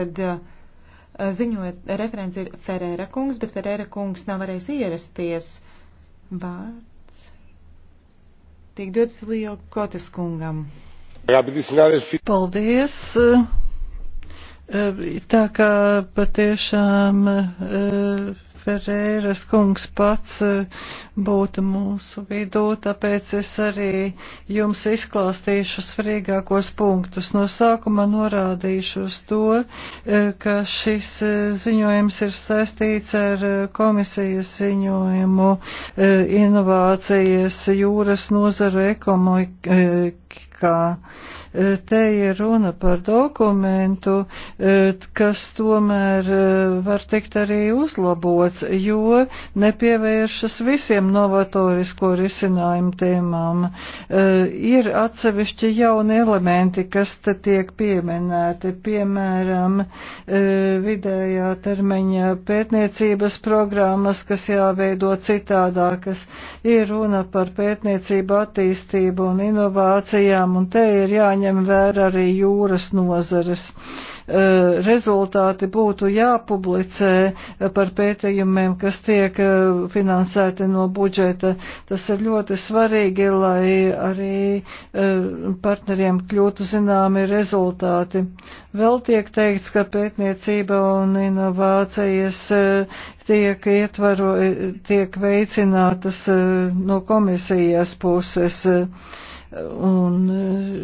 Tad eh, ziņojot, referents ir Ferēra kungs, bet Ferēra kungs nav varējis ierasties. Vārds tiek dots Lijo Kotes kungam. Paldies! Eh, tā kā patiešām. Uh, Ferēras kungs pats eh, būtu mūsu vidū, tāpēc es arī jums izklāstīšu svarīgākos punktus. No sākuma norādīšu uz to, eh, ka šis eh, ziņojums ir saistīts ar komisijas ziņojumu inovācijas jūras nozaru ekonomiku laikā. E, te ir runa par dokumentu, e, kas tomēr e, var tikt arī uzlabots, jo nepievēršas visiem novatorisko risinājumu tēmām. Ir atsevišķi jauni elementi, kas te tiek pieminēti, piemēram, vidējā termiņa pētniecības programmas, kas jāveido citādākas. Ir runa par pētniecību attīstību un inovācijām mājām, un te ir jāņem vērā arī jūras nozares. E, rezultāti būtu jāpublicē par pētījumiem, kas tiek e, finansēti no budžeta. Tas ir ļoti svarīgi, lai arī e, partneriem kļūtu zināmi rezultāti. Vēl tiek teikts, ka pētniecība un inovācijas tiek, ietvaro, tiek veicinātas no komisijas puses. Un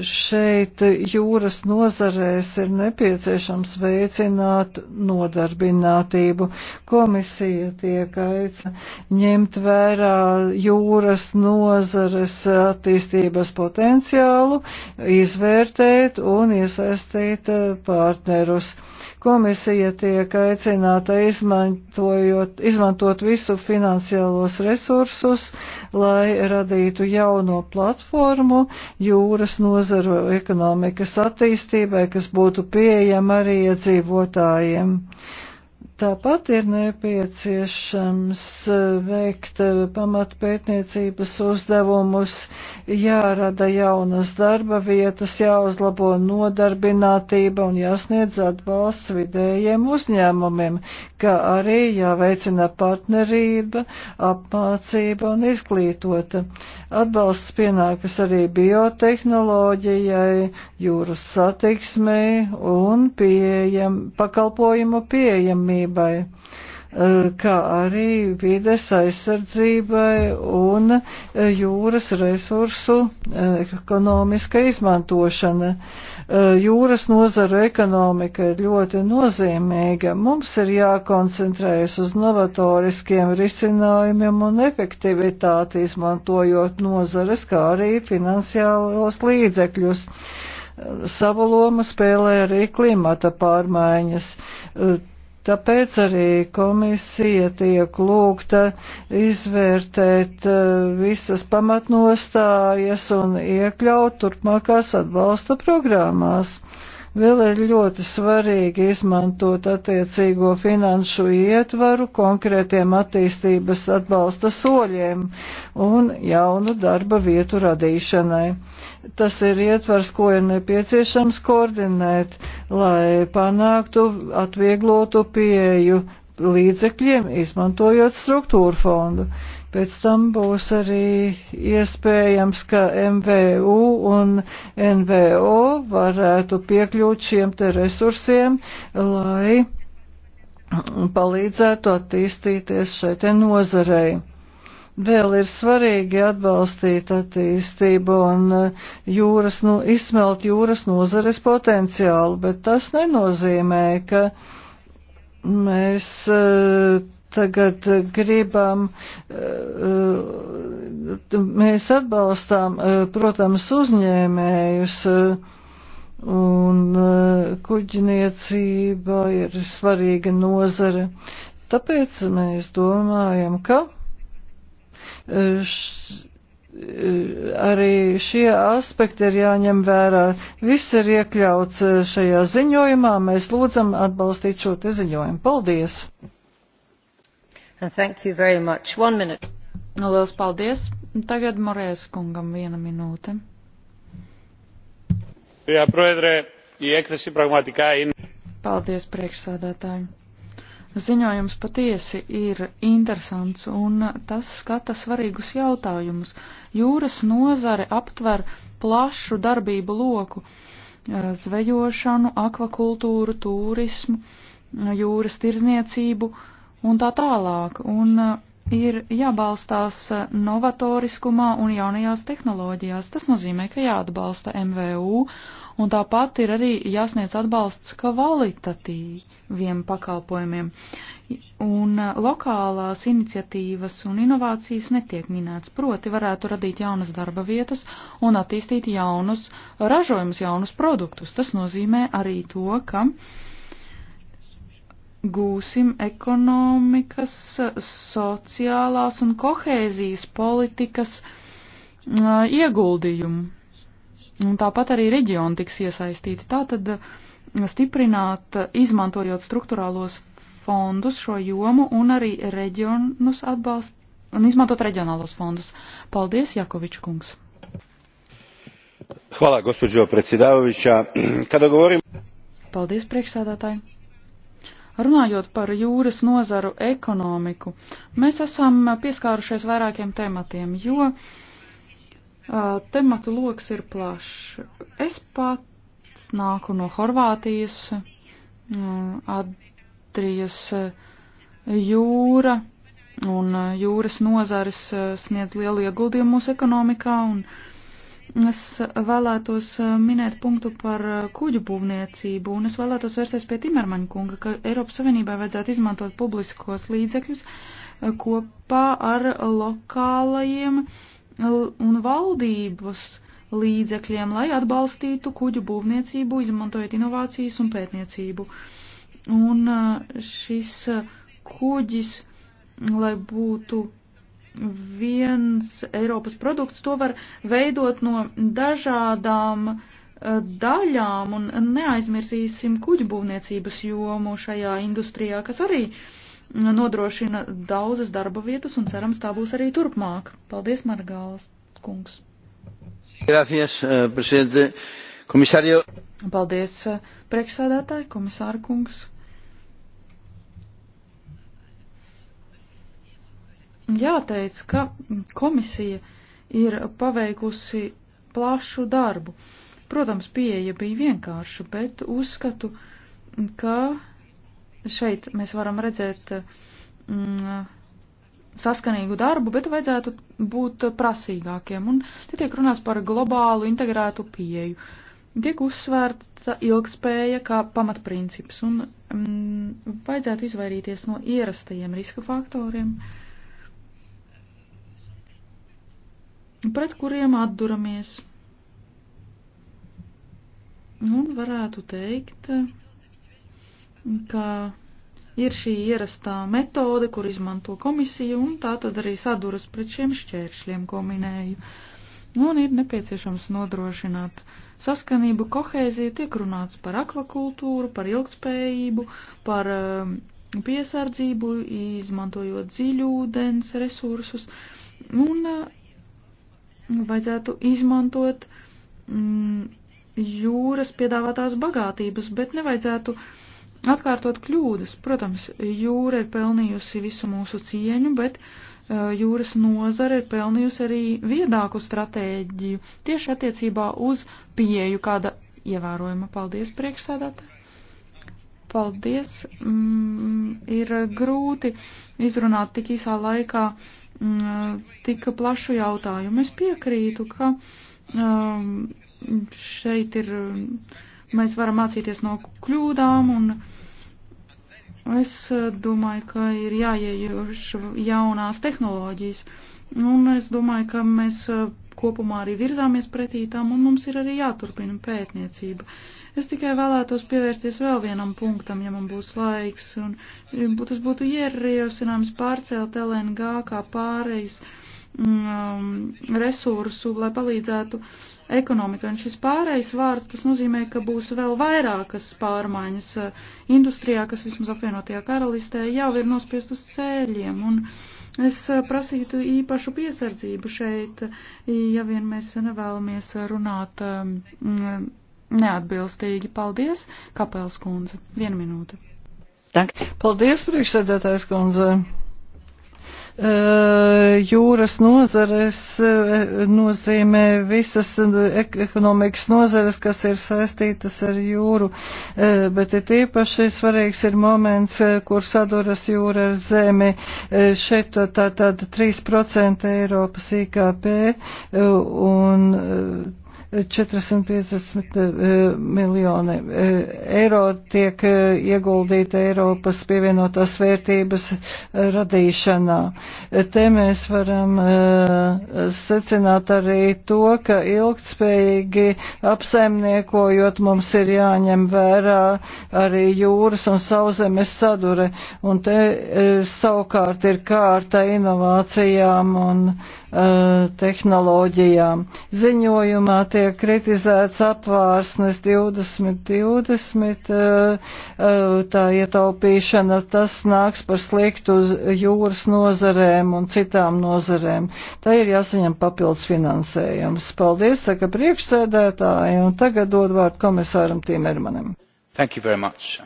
šeit jūras nozarēs ir nepieciešams veicināt nodarbinātību. Komisija tiek aicina ņemt vērā jūras nozares attīstības potenciālu, izvērtēt un iesaistīt partnerus. Uh, Komisija tiek aicināta izmantot visu finansiālos resursus, lai radītu jauno platformu jūras nozaru ekonomikas attīstībai, kas būtu pieejama arī iedzīvotājiem. Ja Tāpat ir nepieciešams e, veikt e, pamatpētniecības uzdevumus, jārada jaunas darba vietas, jāuzlabo nodarbinātība un jāsniedz atbalsts vidējiem uzņēmumiem, kā arī jāveicina partnerība, apmācība un izglītota. Atbalsts pienākas arī biotehnoloģijai, jūras satiksmei un pieejam, pakalpojumu pieejamību drošībai eh, kā arī vides aizsardzībai un eh, jūras resursu eh, ekonomiska izmantošana. Jūras nozara ekonomika ir ļoti nozīmīga. Mums ir jākoncentrējas uz novatoriskiem risinājumiem un efektivitāti izmantojot nozares, kā arī finansiālos līdzekļus savu lomu spēlē arī klimata pārmaiņas. Tāpēc arī komisija tiek lūgta izvērtēt eh, visas pamatnostājas un iekļaut turpmākās atbalsta programmās. Vēl ir ļoti svarīgi izmantot attiecīgo finanšu ietvaru konkrētiem attīstības atbalsta soļiem un jaunu darba vietu radīšanai. Tas ir ietvars, ko ir nepieciešams koordinēt, lai panāktu atvieglotu pieeju līdzekļiem, izmantojot struktūru fondu. Pēc tam būs arī iespējams, ka MVU un NVO varētu piekļūt šiem te resursiem, lai palīdzētu attīstīties šai te nozarei vēl ir svarīgi atbalstīt attīstību un eh, jūras, nu, izsmelt jūras nozares potenciālu, bet tas nenozīmē, ka mēs eh, tagad gribam, eh, mēs atbalstām, eh, protams, uzņēmējus, eh, un kuģniecība ir svarīga nozare. Tāpēc mēs domājam, ka š, arī šie aspekti ir jāņem vērā. Viss ir iekļauts šajā ziņojumā. Mēs lūdzam atbalstīt šo te ziņojumu. Paldies! Nu, Lielas paldies. Tagad Morēs kungam viena minūte. Paldies, priekšsādātāji. Ziņojums patiesi ir interesants un tas skata svarīgus jautājumus. Jūras nozare aptver plašu darbību loku - zvejošanu, akvakultūru, turismu, jūras tirzniecību, uh, un tā tālāk. Un uh, ir jābalstās uh, novatoriskumā un jaunajās tehnoloģijās. Tas nozīmē, ka jāatbalsta MVU, un tāpat ir arī jāsniedz atbalsts kvalitatīviem pakalpojumiem. Un uh, lokālās iniciatīvas un inovācijas netiek minēts, proti varētu radīt jaunas darba vietas un attīstīt jaunus ražojumus, jaunus produktus. Tas nozīmē arī to, ka uh, gūsim ekonomikas, sociālās un kohēzijas politikas uh, ieguldījumu. Un tāpat arī reģioni tiks iesaistīti. Tātad stiprināt, izmantojot struktūrālos fondus šo jomu un arī reģionus atbalst un izmantot reģionālos fondus. Paldies, Jakovič kungs. Hvala, gospođo predsjedavajuća. Kada govorim... Paldies, priekšsēdātāji. Runājot par jūras nozaru ekonomiku, mēs esam pieskārušies vairākiem tematiem, jo uh, tematu lokus ir plašs. Es pats nāku no Horvātijas, uh, Adrijas jūra un jūras nozares sniedz lielu ieguldījumu mūsu ekonomikā. Un, uh, Es vēlētos eh, minēt punktu par eh, kuģu būvniecību, un es vēlētos vērsties pie Timermaņa kunga, ka Eiropas Savienībai vajadzētu izmantot publiskos līdzekļus eh, kopā ar lokālajiem un valdības līdzekļiem, lai atbalstītu kuģu būvniecību, izmantojot inovācijas un pētniecību. Un šis kuģis, lai būtu viens Eiropas produkts, to var veidot no dažādām eh, daļām un neaizmirsīsim kuģbūvniecības jomu šajā industrijā, kas arī mm, nodrošina daudzas darba vietas un cerams tā būs arī turpmāk. Paldies, Margāls kungs. Gracias, eh, presidente. Komisārio. Paldies, eh, priekšsādātāji, komisāra kungs. jāteic, ka komisija ir paveikusi plašu darbu. Protams, pieeja bija vienkārša, bet uzskatu, ka šeit mēs varam redzēt mm, saskanīgu darbu, bet vajadzētu būt prasīgākiem. Un te tiek runāts par globālu integrētu pieeju. Tiek uzsvērta ilgspēja kā pamatprincips, un mm, vajadzētu izvairīties no ierastajiem riska faktoriem. Uh, pret kuriem atduramies. Un nu, varētu teikt, ka ir šī ierastā metode, kur izmanto komisija, un tā tad arī saduras pret šiem šķēršļiem, ko minēju. Nu, un ir nepieciešams nodrošināt saskanību, kohēziju, tiek runāts par akvakultūru, par ilgspējību, par um, piesardzību, izmantojot dziļūdens resursus. Un uh, vajadzētu izmantot mm, jūras piedāvātās bagātības, bet nevajadzētu atkārtot kļūdas. Protams, jūra ir pelnījusi visu mūsu cieņu, bet jūras nozare ir pelnījusi arī viedāku stratēģiju tieši attiecībā uz pieeju kāda ievērojama. Paldies, priekšsēdētāji! Paldies! Mm, ir grūti izrunāt tik īsā laikā Mm, tik plašu jautājumu. Es piekrītu, ka um, šeit ir, mēs varam mācīties no kļūdām un Es eh, domāju, ka ir jāievieš jaunās tehnoloģijas. Un es domāju, ka mēs eh, kopumā arī virzāmies pretī tām, un mums ir arī jāturpina pētniecība. Es tikai vēlētos pievērsties vēl vienam punktam, ja man būs laiks, un tas būtu ierosinājums pārcelt LNG kā pārejas mm, um, resursu, lai palīdzētu ekonomikai. Un šis pārējais vārds, tas nozīmē, ka būs vēl vairākas pārmaiņas industrijā, kas vismaz apvienotajā karalistē jau ir nospiest uz ceļiem. Un, Es prasītu īpašu piesardzību šeit, ja vien mēs nevēlamies runāt mm, neatbilstīgi. Paldies, Kapels kundze. Vienu minūti. Dank. Paldies, priekšsēdētājs kundze. Eh, jūras nozares eh, nozīmē visas eh, ekonomikas nozares, kas ir saistītas ar jūru, bet ir īpaši svarīgs ir moments, kur saduras jūra ar zemi. Šeit tā tāda 3% Eiropas IKP un 450 eh, miljoni eh, eiro tiek eh, ieguldīta Eiropas pievienotās vērtības radīšanā. Te mēs varam secināt arī to, ka ilgtspējīgi apsaimniekojot mums ir jāņem vērā arī jūras un sauzemes sadure, un te savukārt ir kārta inovācijām un tehnoloģijām. Ziņojumā tie tiek kritizēts apvārsnes 2020, eh, eh, tā ietaupīšana, tas nāks par sliktu jūras nozarēm un citām nozarēm. Tā ir jāsaņem papildus finansējums. Paldies, saka priekšsēdētāji, un tagad dod vārdu komisāram Timermanim. Thank you very much.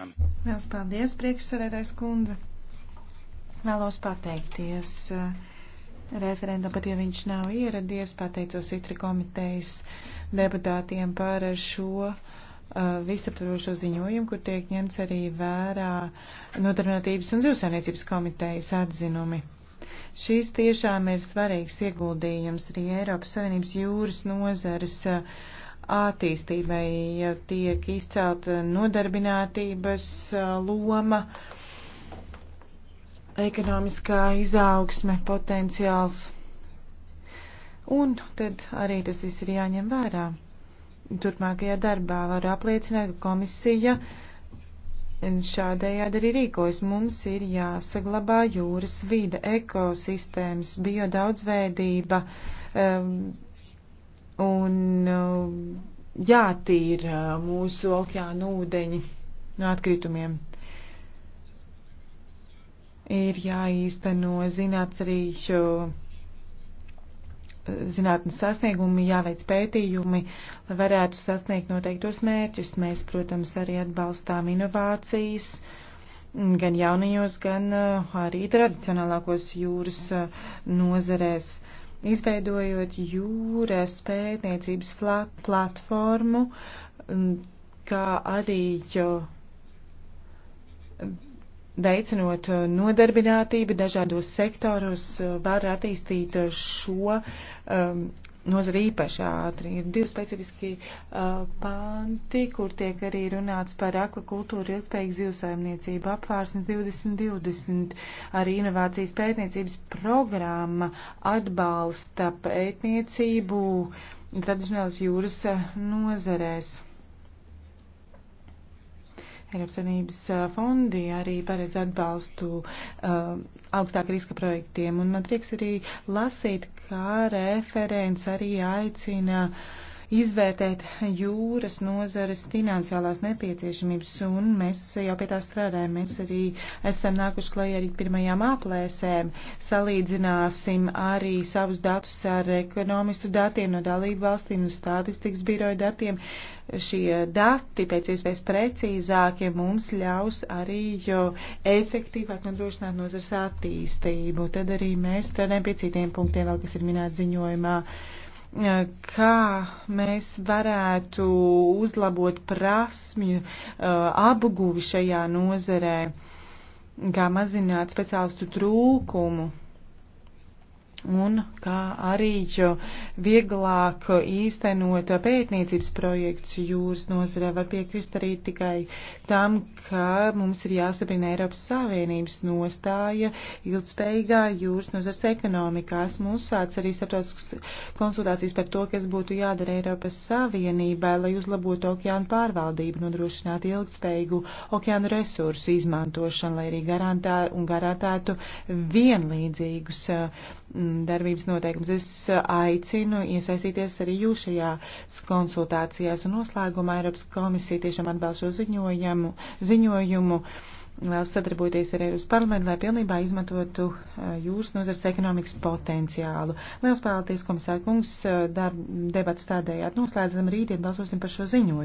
Vēlas um, paldies, priekšsēdētājs kundze. Vēlos pateikties. Uh, referentam, pat ja viņš nav ieradies, pateicos Itri komitejas deputātiem par šo uh, visaptvarošo ziņojumu, kur tiek ņemts arī vērā nodarbinātības un dzīvesaimniecības komitejas atzinumi. Šīs tiešām ir svarīgs ieguldījums arī Eiropas Savienības jūras nozares uh, attīstībai, ja tiek izcelt nodarbinātības uh, loma. Uh, ekonomiskā izaugsme, potenciāls. Un tad arī tas viss ir jāņem vērā. Turpmākajā darbā varu apliecināt, ka komisija šādējādi arī rīkojas. Mums ir jāsaglabā jūras vide, ekosistēmas, biodaudzveidība um, un um, jātīra mūsu okeāna ūdeņi no atkritumiem ir jāīsteno zināts arī zinātnes sasniegumi, jāveic pētījumi, lai varētu sasniegt noteiktos mērķus. Mēs, protams, arī atbalstām inovācijas gan jaunajos, gan uh, arī tradicionālākos jūras uh, nozerēs, izveidojot jūras pētniecības platformu, mm, kā arī veicinot uh, nodarbinātību dažādos sektoros, uh, var attīstīt uh, šo um, nozari īpaši ātri. Ir divi specifiski uh, panti, kur tiek arī runāts par akvakultūru, ilgspējīgu zivsaimniecību, apvārsni 2020, arī inovācijas pētniecības programma atbalsta pētniecību tradicionālas jūras nozarēs. Uh, Eiropas Savienības fondi arī paredz atbalstu uh, augstāka riska projektiem. Un man prieks arī lasīt, kā referents arī aicina uh, izvērtēt jūras nozares finansiālās nepieciešamības, un mēs jau pie tā strādājam. Mēs arī esam nākuši klajā arī pirmajām aplēsēm, salīdzināsim arī savus datus ar ekonomistu datiem no dalību valstīm un statistikas biroju datiem. Šie dati pēc iespējas precīzākie mums ļaus arī efektīvāk nodrošināt nozars attīstību. Tad arī mēs strādājam pie citiem punktiem, vēl kas ir minēts ziņojumā. Uh, kā mēs varētu uzlabot prasmju uh, apguvi šajā nozerē, kā mazināt speciālistu trūkumu un kā arī vieglāk īstenot pētniecības projekts jūras nozarē. Var piekrist arī tikai tam, ka mums ir jāsabrina Eiropas Savienības nostāja ilgspējīgā jūras nozars ekonomikā. Esmu uzsācis arī starptautiskas konsultācijas par to, kas būtu jādara Eiropas Savienībai, lai uzlabotu okeānu pārvaldību, nodrošinātu ilgspējīgu okeānu resursu izmantošanu, lai arī garantētu un garantētu vienlīdzīgus. Mm, darbības noteikums. Es aicinu iesaistīties arī jūs šajās konsultācijās un noslēgumā Eiropas komisija tiešām atbalst šo ziņojumu, ziņojumu vēl sadarboties ar Eiropas parlamentu, lai pilnībā izmantotu jūras nozars ekonomikas potenciālu. Liels paldies, komisār kungs, darb, debats tādējādi noslēdzam, rītdien balsosim par šo ziņojumu.